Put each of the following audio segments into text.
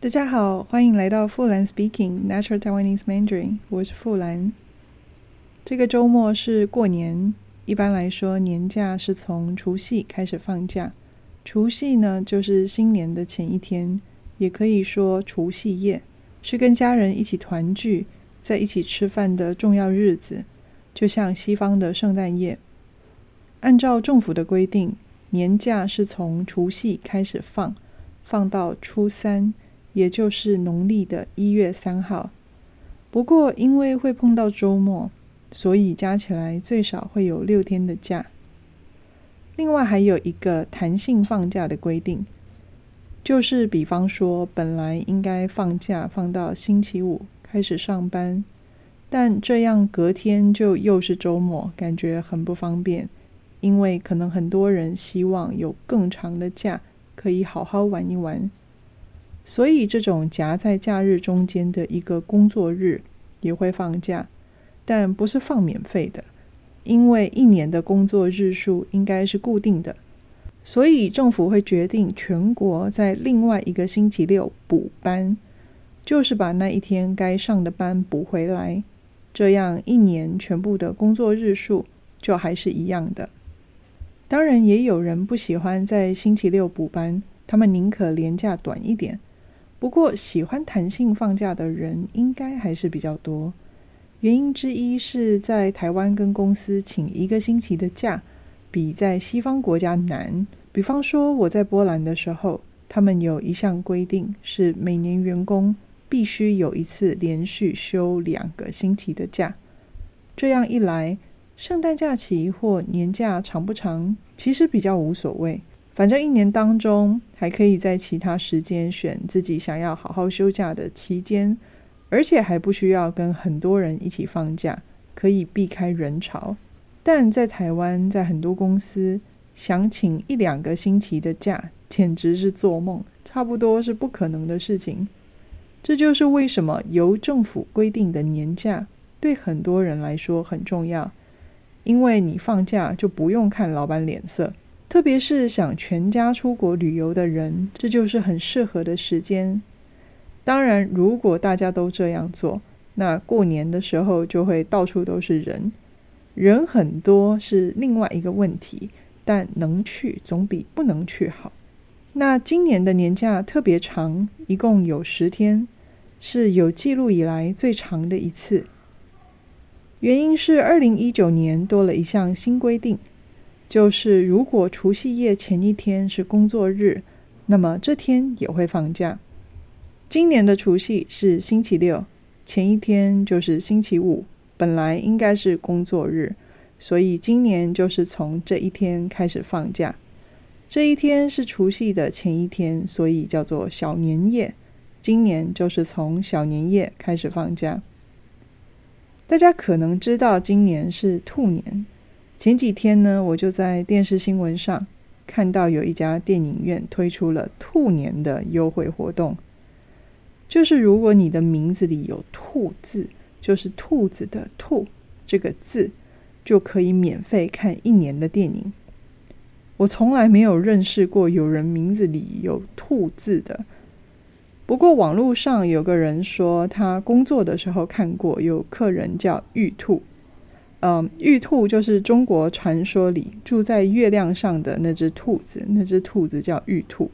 大家好，歡迎來到富蘭 Speaking Natural Taiwanese Mandarin。我是富蘭。這個周末是過年，一般來說年假是從除夕開始放假。除夕呢，就是新年的前一天，也可以說除夕夜，是跟家人一起團聚，在一起吃飯的重要日子，就像西方的聖誕夜。按照政府的規定，年假是從除夕開始放，放到初三。也就是農曆的一月三號，不過因為會碰到週末，所以加起來最少會有六天的假。另外還有一個彈性放假的規定，就是比方說本來應該放假放到星期五開始上班，但這樣隔天就又是週末，感覺很不方便。因為可能很多人希望有更長的假，可以好好玩一玩。所以，這種夾在假日中間的一個工作日也會放假，但不是放免費的，因為一年的工作日數應該是固定的。所以，政府會決定全國在另外一個星期六補班，就是把那一天該上的班補回來，這樣一年全部的工作日數就還是一樣的。當然，也有人不喜歡在星期六補班，他們寧可連假短一點。不過，喜歡彈性放假的人應該還是比較多。原因之一是，在台灣跟公司請一個星期的假，比在西方國家難。比方說，我在波蘭的時候，他們有一項規定是，每年員工必須有一次連續休兩個星期的假。這樣一來，聖誕假期或年假長不長，其實比較無所謂。反正一年當中還可以在其他時間選自己想要好好休假的期間，而且還不需要跟很多人一起放假，可以避開人潮。但在台灣，在很多公司，想請一兩個星期的假，簡直是做夢，差不多是不可能的事情。這就是為什麼由政府規定的年假對很多人來說很重要，因為你放假就不用看老闆臉色。特別是想全家出國旅遊的人，這就是很適合的時間。當然，如果大家都這樣做，那過年的時候就會到處都是人。人很多是另外一個問題，但能去總比不能去好。那今年的年假特別長，一共有十天，是有記錄以來最長的一次。原因是二零一九年多了一項新規定。就是如果除夕夜前一天是工作日，那麼這天也會放假。今年的除夕是星期六，前一天就是星期五，本來應該是工作日，所以今年就是從這一天開始放假。這一天是除夕的前一天，所以叫做小年夜。今年就是從小年夜開始放假。大家可能知道，今年是兔年。前幾天呢，我就在電視新聞上看到有一家電影院推出了兔年的優惠活動，就是如果你的名字裡有“兔”字，就是兔子的“兔”這個字，就可以免費看一年的電影。我從來沒有認識過有人名字裡有“兔”字的，不過網絡上有個人說他工作的時候看過有客人叫玉兔。嗯，玉兔就是中國傳說裡住在月亮上的那只兔子，那只兔子叫玉兔。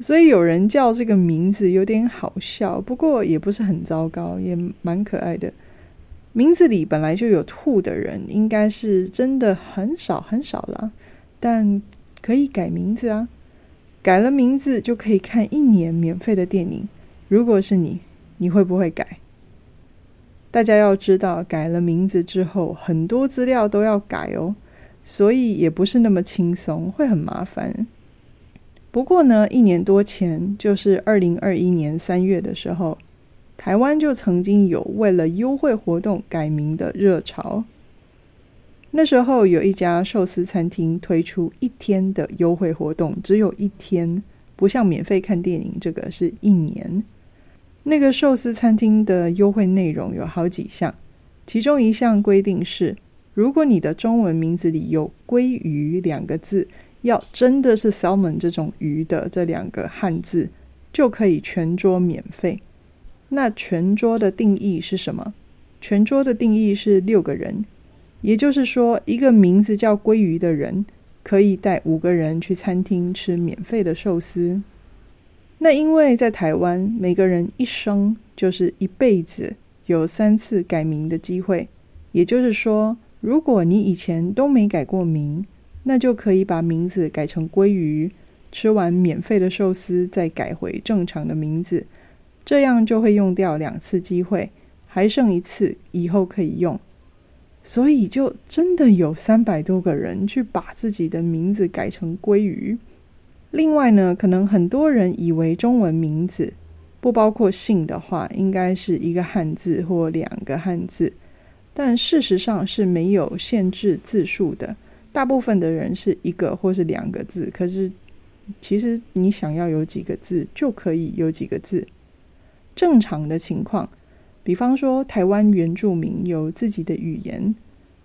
所以有人叫這個名字有點好笑，不過也不是很糟糕，也蠻可愛的。名字裡本來就有“兔”的人，應該是真的很少很少了。但可以改名字啊，改了名字就可以看一年免費的電影。如果是你，你會不會改？大家要知道，改了名字之後，很多資料都要改哦，所以也不是那麼輕鬆，會很麻煩。不過呢，一年多前，就是二零二一年三月的時候，台灣就曾經有為了優惠活動改名的熱潮。那時候有一家壽司餐廳推出一天的優惠活動，只有一天，不像免費看電影，這個是一年。那個壽司餐廳的優惠內容有好幾項，其中一項規定是：如果你的中文名字裡有“鮭魚”兩個字，要真的是 “salmon” 這種魚的這兩個漢字，就可以全桌免費。那全桌的定義是什麼？全桌的定義是六個人，也就是說，一個名字叫“鮭魚”的人可以帶五個人去餐廳吃免費的壽司。那因為在台灣，每個人一生就是一輩子有三次改名的機會。也就是說，如果你以前都沒改過名，那就可以把名字改成鮭魚，吃完免費的壽司再改回正常的名字，這樣就會用掉兩次機會，還剩一次以後可以用。所以就真的有三百多個人去把自己的名字改成鮭魚。另外呢，可能很多人以為中文名字不包括姓的話，應該是一個漢字或兩個漢字，但事實上是沒有限制字數的。大部分的人是一個或是兩個字，可是其實你想要有幾個字就可以有幾個字。正常的情況，比方說台灣原住民有自己的語言，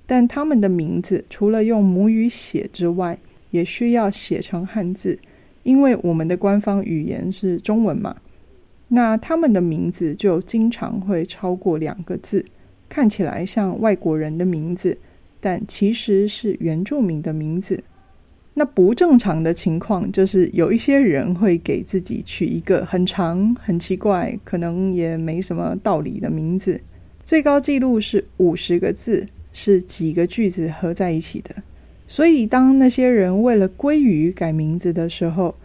但他們的名字除了用母語寫之外，也需要寫成漢字。因為我們的官方語言是中文嘛，那他們的名字就經常會超過兩個字，看起來像外國人的名字，但其實是原住民的名字。那不正常的情況就是有一些人會給自己取一個很長、很奇怪、可能也沒什麼道理的名字，最高紀錄是五十個字，是幾個句子合在一起的。所以，當那些人為了鮭魚改名字的時候，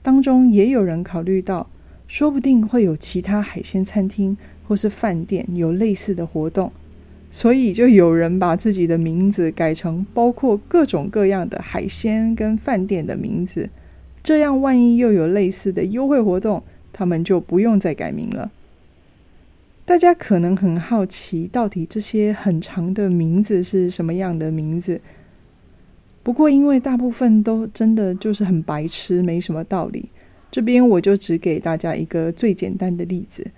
當中也有人考慮到，說不定會有其他海鮮餐廳或是飯店有類似的活動，所以就有人把自己的名字改成包括各種各樣的海鮮跟飯店的名字。這樣，萬一又有類似的優惠活動，他們就不用再改名了。大家可能很好奇，到底這些很長的名字是什麼樣的名字？不過，因為大部分都真的就是很白痴，沒什麼道理。這邊我就只給大家一個最簡單的例子，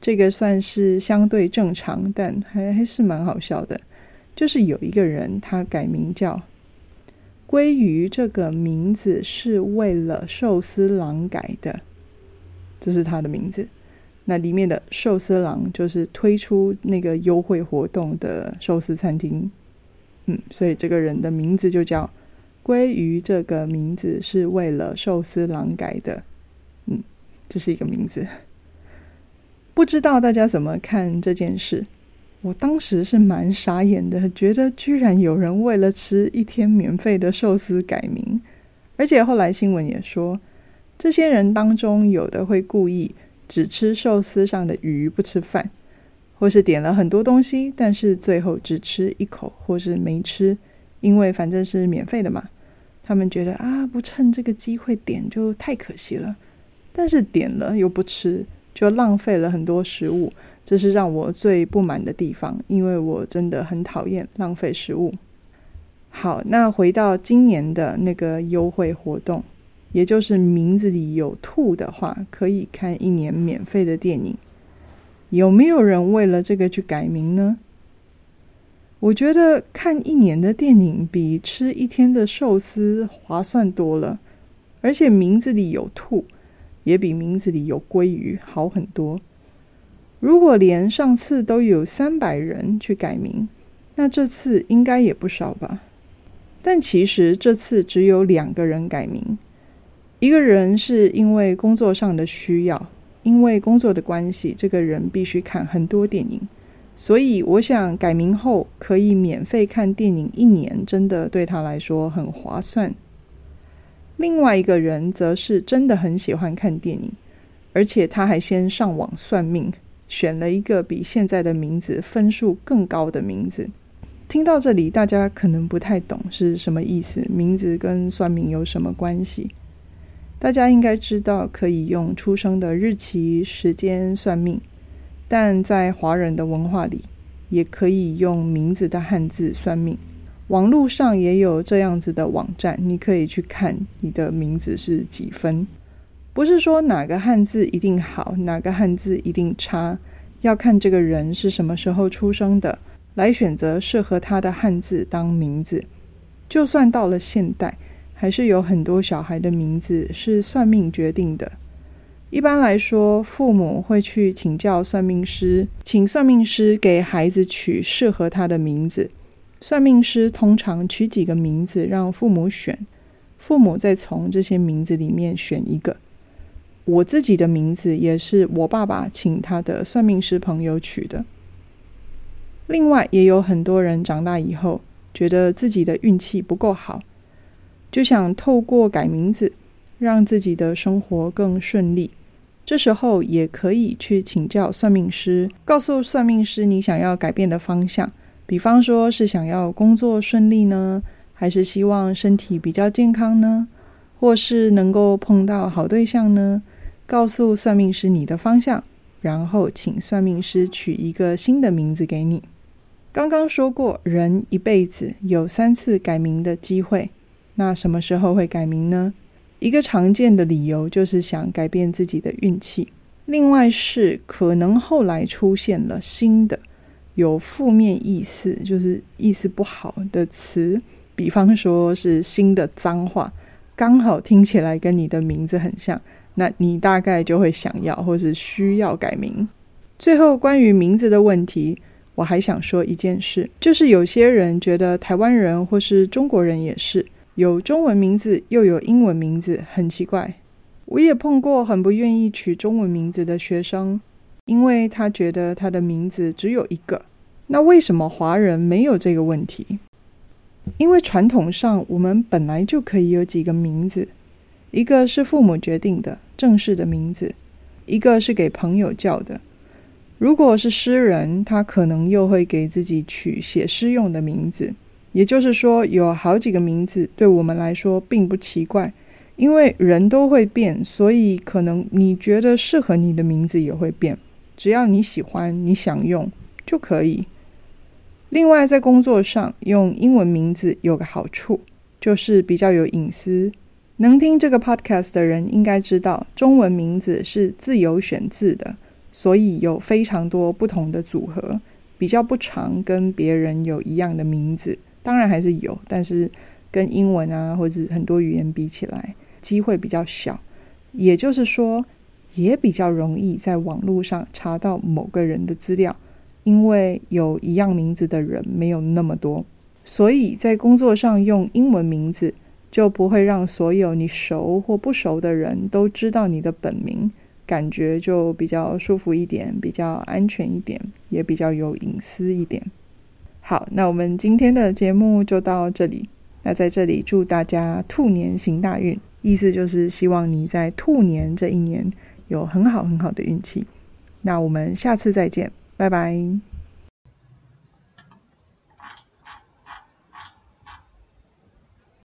這個算是相對正常，但還還是蠻好笑的。就是有一個人，他改名叫“鮭魚”，這個名字是為了壽司郎改的，這是他的名字。那裡面的壽司郎就是推出那個優惠活動的壽司餐廳。嗯，所以這個人的名字就叫“鮭魚”。這個名字是為了壽司郎改的。嗯，這是一個名字。不知道大家怎麼看這件事？我當時是蠻傻眼的，覺得居然有人為了吃一天免費的壽司改名，而且後來新聞也說，這些人當中有的會故意只吃壽司上的魚不吃飯。或是點了很多東西，但是最後只吃一口，或是沒吃，因為反正是免費的嘛。他們覺得啊，不趁這個機會點就太可惜了。但是點了又不吃，就浪費了很多食物，這是讓我最不滿的地方，因為我真的很討厭浪費食物。好，那回到今年的那個優惠活動，也就是名字裡有“兔”的話，可以看一年免費的電影。有沒有人為了這個去改名呢？我覺得看一年的電影比吃一天的壽司划算多了，而且名字裡有兔，也比名字裡有鮭魚好很多。如果連上次都有三百人去改名，那這次應該也不少吧？但其實這次只有兩個人改名，一個人是因為工作上的需要。因為工作的關係，這個人必須看很多電影，所以我想改名後可以免費看電影一年，真的對他來說很划算。另外一個人則是真的很喜歡看電影，而且他還先上網算命，選了一個比現在的名字分數更高的名字。聽到這裡，大家可能不太懂是什麼意思，名字跟算命有什麼關係？大家應該知道可以用出生的日期、時間算命，但在華人的文化裡，也可以用名字的漢字算命。網絡上也有這樣子的網站，你可以去看你的名字是幾分。不是說哪個漢字一定好，哪個漢字一定差，要看這個人是什麼時候出生的，來選擇適合他的漢字當名字。就算到了現代，還是有很多小孩的名字是算命決定的。一般來說，父母會去請教算命師，請算命師給孩子取適合他的名字。算命師通常取幾個名字讓父母選，父母再從這些名字裡面選一個。我自己的名字也是我爸爸請他的算命師朋友取的。另外，也有很多人長大以後覺得自己的運氣不夠好。就想透過改名字，讓自己的生活更順利。這時候也可以去請教算命師，告訴算命師你想要改變的方向，比方說是想要工作順利呢，還是希望身體比較健康呢，或是能夠碰到好對象呢？告訴算命師你的方向，然後請算命師取一個新的名字給你。剛剛說過，人一輩子有三次改名的機會。那什麼時候會改名呢？一個常見的理由就是想改變自己的運氣。另外是可能後來出現了新的有負面意思，就是意思不好的詞，比方說是新的髒話，剛好聽起來跟你的名字很像，那你大概就會想要或是需要改名。最後關於名字的問題，我還想說一件事，就是有些人覺得台灣人或是中國人也是。有中文名字，又有英文名字，很奇怪。我也碰過很不願意取中文名字的學生，因為他覺得他的名字只有一個。那為什麼華人沒有這個問題？因為傳統上我們本來就可以有幾個名字，一個是父母決定的正式的名字，一個是給朋友叫的。如果是詩人，他可能又會給自己取寫詩用的名字。也就是說，有好幾個名字對我們來說並不奇怪，因為人都會變，所以可能你覺得適合你的名字也會變。只要你喜歡，你想用就可以。另外，在工作上用英文名字有個好處，就是比較有隱私。能聽這個 podcast 的人應該知道，中文名字是自由選字的，所以有非常多不同的組合，比較不常跟別人有一樣的名字。當然還是有，但是跟英文啊，或者很多語言比起來，機會比較小。也就是說，也比較容易在網絡上查到某個人的資料，因為有一樣名字的人沒有那麼多。所以在工作上用英文名字，就不會讓所有你熟或不熟的人都知道你的本名，感覺就比較舒服一點，比較安全一點，也比較有隱私一點。好，那我們今天的節目就到這裡。那在這裡祝大家兔年行大運，意思就是希望你在兔年這一年有很好很好的運氣。那我們下次再見，拜拜。